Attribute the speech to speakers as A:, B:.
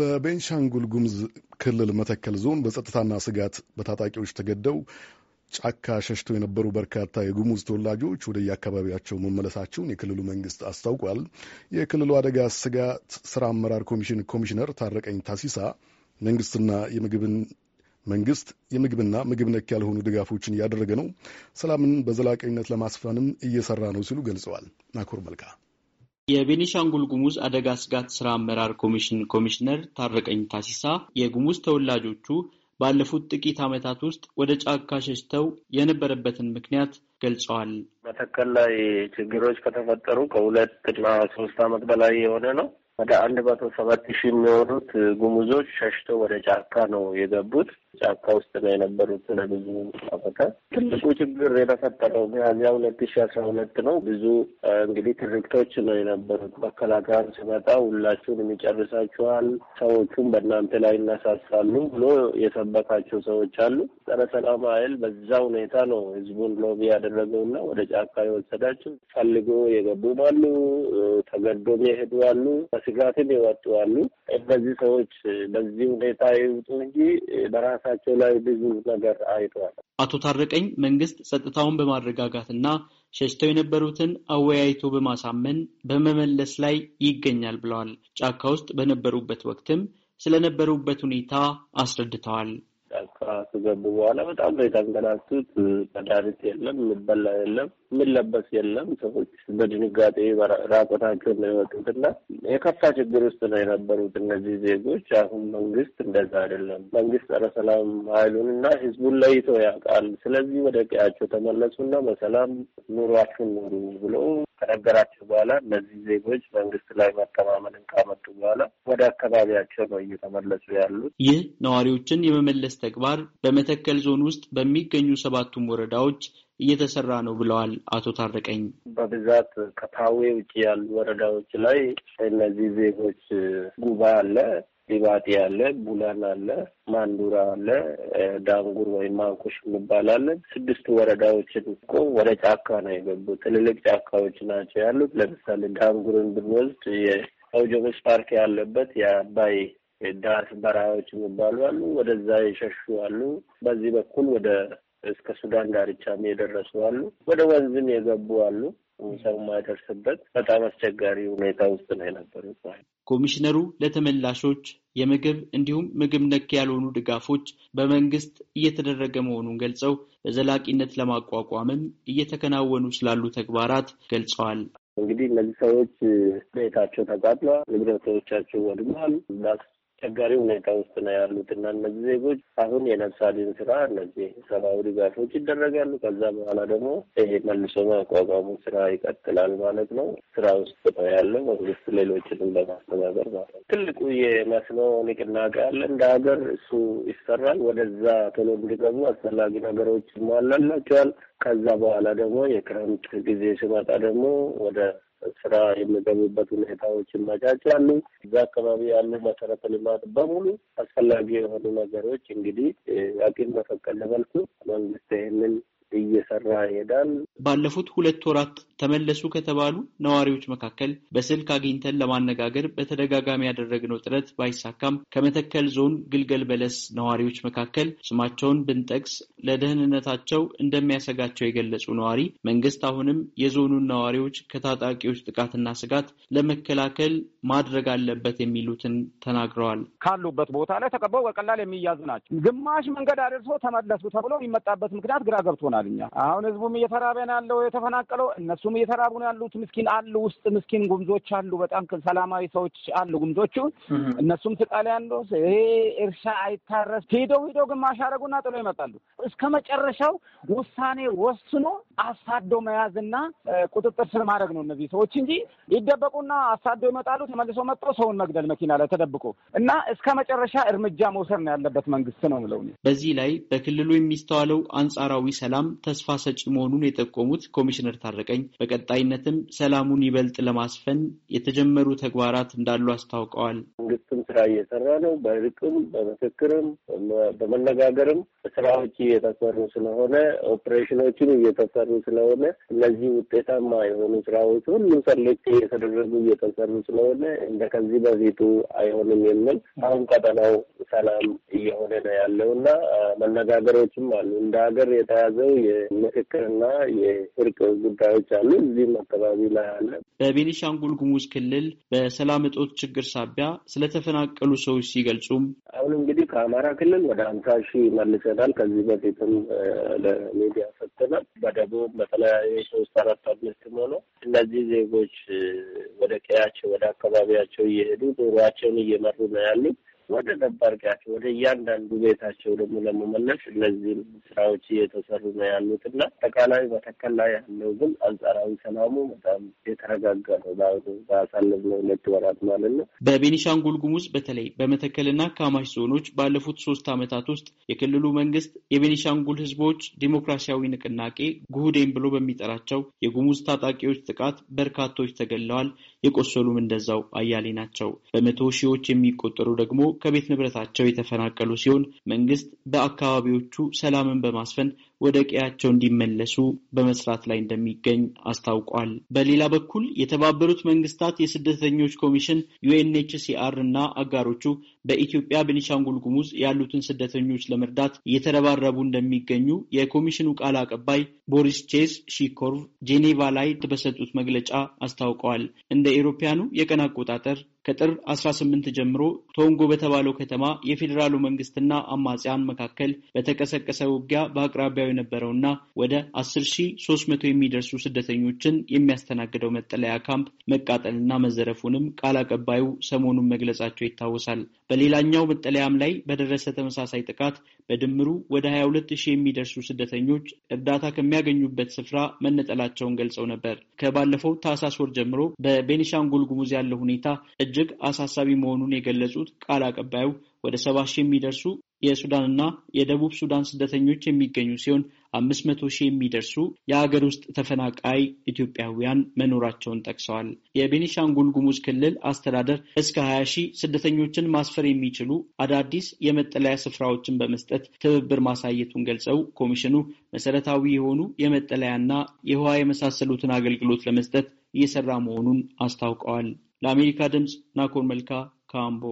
A: በቤንሻንጉል ጉሙዝ ክልል መተከል ዞን በጸጥታና ስጋት በታጣቂዎች ተገደው ጫካ ሸሽተው የነበሩ በርካታ የጉሙዝ ተወላጆች ወደ የአካባቢያቸው መመለሳቸውን የክልሉ መንግስት አስታውቋል። የክልሉ አደጋ ስጋት ስራ አመራር ኮሚሽን ኮሚሽነር ታረቀኝ ታሲሳ መንግስትና የምግብን መንግስት የምግብና ምግብ ነክ ያልሆኑ ድጋፎችን እያደረገ ነው፣ ሰላምን በዘላቂነት ለማስፈንም እየሰራ ነው ሲሉ ገልጸዋል። ናኮር መልካ የቤኒሻንጉል ጉሙዝ አደጋ ስጋት ስራ አመራር ኮሚሽን ኮሚሽነር ታረቀኝ ታሲሳ የጉሙዝ ተወላጆቹ ባለፉት ጥቂት ዓመታት ውስጥ ወደ ጫካ ሸሽተው የነበረበትን ምክንያት ገልጸዋል።
B: መተከል ላይ ችግሮች ከተፈጠሩ ከሁለት እና ሶስት ዓመት በላይ የሆነ ነው። ወደ አንድ መቶ ሰባት ሺህ የሚሆኑት ጉሙዞች ሸሽተው ወደ ጫካ ነው የገቡት። ጫካ ውስጥ ነው የነበሩት ለብዙ አመታት። ትልቁ ችግር የተፈጠረው ሚያዝያ ሁለት ሺ አስራ ሁለት ነው። ብዙ እንግዲህ ትርክቶች ነው የነበሩት። መከላከያ ሲመጣ ሁላችሁን የሚጨርሳችኋል፣ ሰዎቹም በእናንተ ላይ ይነሳሳሉ ብሎ የሰበካቸው ሰዎች አሉ። ጸረ ሰላም ኃይል በዛ ሁኔታ ነው ህዝቡን ሎቢ ያደረገው ያደረገውና ወደ ጫካ የወሰዳቸው። ፈልጎ የገቡም አሉ፣ ተገዶም የሄዱ አሉ፣ በስጋትም የወጡ አሉ። እነዚህ ሰዎች በዚህ ሁኔታ ይውጡ እንጂ በራ ራሳቸው ላይ ብዙ ነገር አይተዋል።
A: አቶ ታረቀኝ መንግስት ጸጥታውን በማረጋጋትና ሸሽተው የነበሩትን አወያይቶ በማሳመን በመመለስ ላይ ይገኛል ብለዋል። ጫካ ውስጥ በነበሩበት ወቅትም ስለነበሩበት ሁኔታ አስረድተዋል።
B: ጫካ ከገቡ በኋላ በጣም ነው የተንገላቱት። መድኃኒት የለም፣ የሚበላ የለም የሚለበስ የለም። ሰዎች በድንጋጤ ራቆታቸውን ነው የከፋ ችግር ውስጥ ነው የነበሩት እነዚህ ዜጎች። አሁን መንግስት እንደዛ አይደለም። መንግስት ጸረ ሰላም ኃይሉንና ህዝቡን ለይቶ ያውቃል። ስለዚህ ወደ ቀያቸው ተመለሱና በሰላም ኑሯችሁን ኑሩ ብሎ ከነገራቸው በኋላ እነዚህ ዜጎች መንግስት ላይ መተማመንን ካመጡ በኋላ ወደ አካባቢያቸው ነው እየተመለሱ ያሉት።
A: ይህ ነዋሪዎችን የመመለስ ተግባር በመተከል ዞን ውስጥ በሚገኙ ሰባቱም ወረዳዎች እየተሰራ ነው ብለዋል አቶ ታረቀኝ።
B: በብዛት ከፓዌ ውጭ ያሉ ወረዳዎች ላይ እነዚህ ዜጎች ጉባ አለ፣ ሊባቲ አለ፣ ቡላን አለ፣ ማንዱራ አለ፣ ዳንጉር ወይም ማንኩሽ እንባላለን። ስድስቱ ወረዳዎችን እኮ ወደ ጫካ ነው የገቡ ትልልቅ ጫካዎች ናቸው ያሉት። ለምሳሌ ዳንጉርን ብንወስድ የአውጆቤስ ፓርክ ያለበት የአባይ ዳር በረሃዎች የሚባሉ አሉ። ወደዛ የሸሹ አሉ። በዚህ በኩል ወደ እስከ ሱዳን ዳርቻም የደረሱ አሉ። ወደ ወንዝም የገቡ አሉ። ሰው ማይደርስበት በጣም አስቸጋሪ ሁኔታ ውስጥ ነው የነበሩት።
A: ኮሚሽነሩ ለተመላሾች የምግብ እንዲሁም ምግብ ነክ ያልሆኑ ድጋፎች በመንግስት እየተደረገ መሆኑን ገልጸው በዘላቂነት ለማቋቋምም እየተከናወኑ ስላሉ ተግባራት ገልጸዋል።
B: እንግዲህ እነዚህ ሰዎች ቤታቸው ተቃጥሏል፣ ንብረቶቻቸው ወድሟል። አስቸጋሪ ሁኔታ ውስጥ ነው ያሉት እና እነዚህ ዜጎች አሁን የነፍስ አድን ስራ እነዚህ ሰብአዊ ድጋፎች ይደረጋሉ። ከዛ በኋላ ደግሞ መልሶ ማቋቋሙ ስራ ይቀጥላል ማለት ነው። ስራ ውስጥ ነው ያለው መንግስት ሌሎችንም ለማስተባበር ማለት ነው። ትልቁ የመስኖ ንቅናቄ አለ እንደ ሀገር እሱ ይሰራል። ወደዛ ቶሎ እንዲገቡ አስፈላጊ ነገሮች ይሟላላቸዋል። ከዛ በኋላ ደግሞ የክረምት ጊዜ ሲመጣ ደግሞ ወደ ስራ የሚገቡበት ሁኔታዎች ይመቻቻሉ። እዛ አካባቢ ያሉ መሰረተ ልማት በሙሉ አስፈላጊ የሆኑ ነገሮች እንግዲህ አቅም በፈቀደ መልኩ መንግስት ይህንን እየሰራ ይሄዳል።
A: ባለፉት ሁለት ወራት ተመለሱ ከተባሉ ነዋሪዎች መካከል በስልክ አግኝተን ለማነጋገር በተደጋጋሚ ያደረግነው ጥረት ባይሳካም ከመተከል ዞን ግልገል በለስ ነዋሪዎች መካከል ስማቸውን ብንጠቅስ ለደህንነታቸው እንደሚያሰጋቸው የገለጹ ነዋሪ መንግስት አሁንም የዞኑን ነዋሪዎች ከታጣቂዎች ጥቃትና ስጋት ለመከላከል ማድረግ አለበት የሚሉትን ተናግረዋል። ካሉበት ቦታ ላይ ተቀበው በቀላል የሚያዙ ናቸው።
B: ግማሽ መንገድ አድርሶ ተመለሱ ተብሎ የሚመጣበት ምክንያት ግራ ገብቶናል። ይሆናል። አሁን ህዝቡም እየተራበ ነው ያለው የተፈናቀለው፣ እነሱም እየተራቡ ነው ያሉት። ምስኪን አሉ፣ ውስጥ ምስኪን ጉምዞች አሉ፣ በጣም ሰላማዊ ሰዎች አሉ ጉምዞቹ። እነሱም ስቃላ ያሉ ይሄ እርሻ አይታረስ ሄደው ሄደው ግማሽ አደረጉና ጥሎ ይመጣሉ። እስከ መጨረሻው ውሳኔ ወስኖ አሳዶ መያዝና ቁጥጥር ስር ማድረግ ነው እነዚህ ሰዎች እንጂ ይደበቁና አሳዶ ይመጣሉ። ተመልሶ መጥተው ሰውን መግደል መኪና ላይ ተደብቆ እና እስከ መጨረሻ እርምጃ መውሰድ ነው ያለበት መንግስት ነው ምለው።
A: በዚህ ላይ በክልሉ የሚስተዋለው አንጻራዊ ሰላም ተስፋ ሰጪ መሆኑን የጠቆሙት ኮሚሽነር ታረቀኝ በቀጣይነትም ሰላሙን ይበልጥ ለማስፈን የተጀመሩ ተግባራት እንዳሉ አስታውቀዋል።
B: መንግስትም ስራ እየሰራ ነው። በእርቅም በምክክርም በመነጋገርም ስራዎች እየተሰሩ ስለሆነ ኦፕሬሽኖችን እየተሰሩ ስለሆነ እነዚህ ውጤታማ የሆኑ ስራዎች ሁሉ ሰሌክት እየተደረጉ እየተሰሩ ስለሆነ እንደ ከዚህ በፊቱ አይሆንም የሚል አሁን ቀጠናው ሰላም እየሆነ ነው ያለው እና መነጋገሮችም አሉ እንደ ሀገር የተያዘው የምክክርና የእርቅ ጉዳዮች አሉ። እዚህም አካባቢ ላይ አለ።
A: በቤኒሻንጉል ጉሙዝ ክልል በሰላም እጦት ችግር ሳቢያ ስለተፈናቀሉ ሰዎች ሲገልጹም
B: አሁን እንግዲህ ከአማራ ክልል ወደ ሀምሳ ሺህ መልሰናል። ከዚህ በፊትም ለሚዲያ ሰጥተናል። በደቡብ በተለያየ ሶስት አራት አምስትም ሆኖ እነዚህ ዜጎች ወደ ቀያቸው ወደ አካባቢያቸው እየሄዱ ኑሯቸውን እየመሩ ነው ያሉት። ወደ ነባር ቀያቸው ወደ እያንዳንዱ ቤታቸው ደግሞ ለመመለስ እነዚህም ስራዎች እየተሰሩ ነው ያሉት እና አጠቃላይ መተከል ላይ ያለው ግን አንጻራዊ ሰላሙ በጣም የተረጋጋ ነው። በአሁኑ ባሳለፍነው ሁለት ወራት ማለት ነው።
A: በቤኒሻንጉል ጉሙዝ በተለይ በመተከልና ካማሽ ዞኖች ባለፉት ሶስት ዓመታት ውስጥ የክልሉ መንግስት የቤኒሻንጉል ህዝቦች ዲሞክራሲያዊ ንቅናቄ ጉህዴን ብሎ በሚጠራቸው የጉሙዝ ታጣቂዎች ጥቃት በርካቶች ተገለዋል። የቆሰሉም እንደዛው አያሌ ናቸው። በመቶ ሺዎች የሚቆጠሩ ደግሞ ከቤት ንብረታቸው የተፈናቀሉ ሲሆን መንግስት በአካባቢዎቹ ሰላምን በማስፈን ወደ ቀያቸው እንዲመለሱ በመስራት ላይ እንደሚገኝ አስታውቋል። በሌላ በኩል የተባበሩት መንግስታት የስደተኞች ኮሚሽን ዩኤንኤችሲአር እና አጋሮቹ በኢትዮጵያ ቤኒሻንጉል ጉሙዝ ያሉትን ስደተኞች ለመርዳት እየተረባረቡ እንደሚገኙ የኮሚሽኑ ቃል አቀባይ ቦሪስ ቼስ ሺኮርቭ ጄኔቫ ላይ በሰጡት መግለጫ አስታውቀዋል። እንደ ኤሮፓያኑ የቀን አቆጣጠር ከጥር 18 ጀምሮ ቶንጎ በተባለው ከተማ የፌዴራሉ መንግስትና አማጽያን መካከል በተቀሰቀሰ ውጊያ በአቅራቢያው የነበረውና ወደ አስር ሺ ሶስት መቶ የሚደርሱ ስደተኞችን የሚያስተናግደው መጠለያ ካምፕ መቃጠልና መዘረፉንም ቃል አቀባዩ ሰሞኑን መግለጻቸው ይታወሳል። በሌላኛው መጠለያም ላይ በደረሰ ተመሳሳይ ጥቃት በድምሩ ወደ 22 የሚደርሱ ስደተኞች እርዳታ ከሚያገኙበት ስፍራ መነጠላቸውን ገልጸው ነበር። ከባለፈው ታህሳስ ወር ጀምሮ በቤኒሻንጉል ጉሙዝ ያለው ሁኔታ እጅግ አሳሳቢ መሆኑን የገለጹት ቃል አቀባዩ ወደ ሰባ ሺህ የሚደርሱ የሱዳንና የደቡብ ሱዳን ስደተኞች የሚገኙ ሲሆን አምስት መቶ ሺህ የሚደርሱ የሀገር ውስጥ ተፈናቃይ ኢትዮጵያውያን መኖራቸውን ጠቅሰዋል። የቤኒሻንጉል ጉሙዝ ክልል አስተዳደር እስከ ሀያ ሺህ ስደተኞችን ማስፈር የሚችሉ አዳዲስ የመጠለያ ስፍራዎችን በመስጠት ትብብር ማሳየቱን ገልጸው ኮሚሽኑ መሰረታዊ የሆኑ የመጠለያና የውሃ የመሳሰሉትን አገልግሎት ለመስጠት እየሰራ መሆኑን አስታውቀዋል። ለአሜሪካ ድምፅ ናኮር መልካ ካምቦ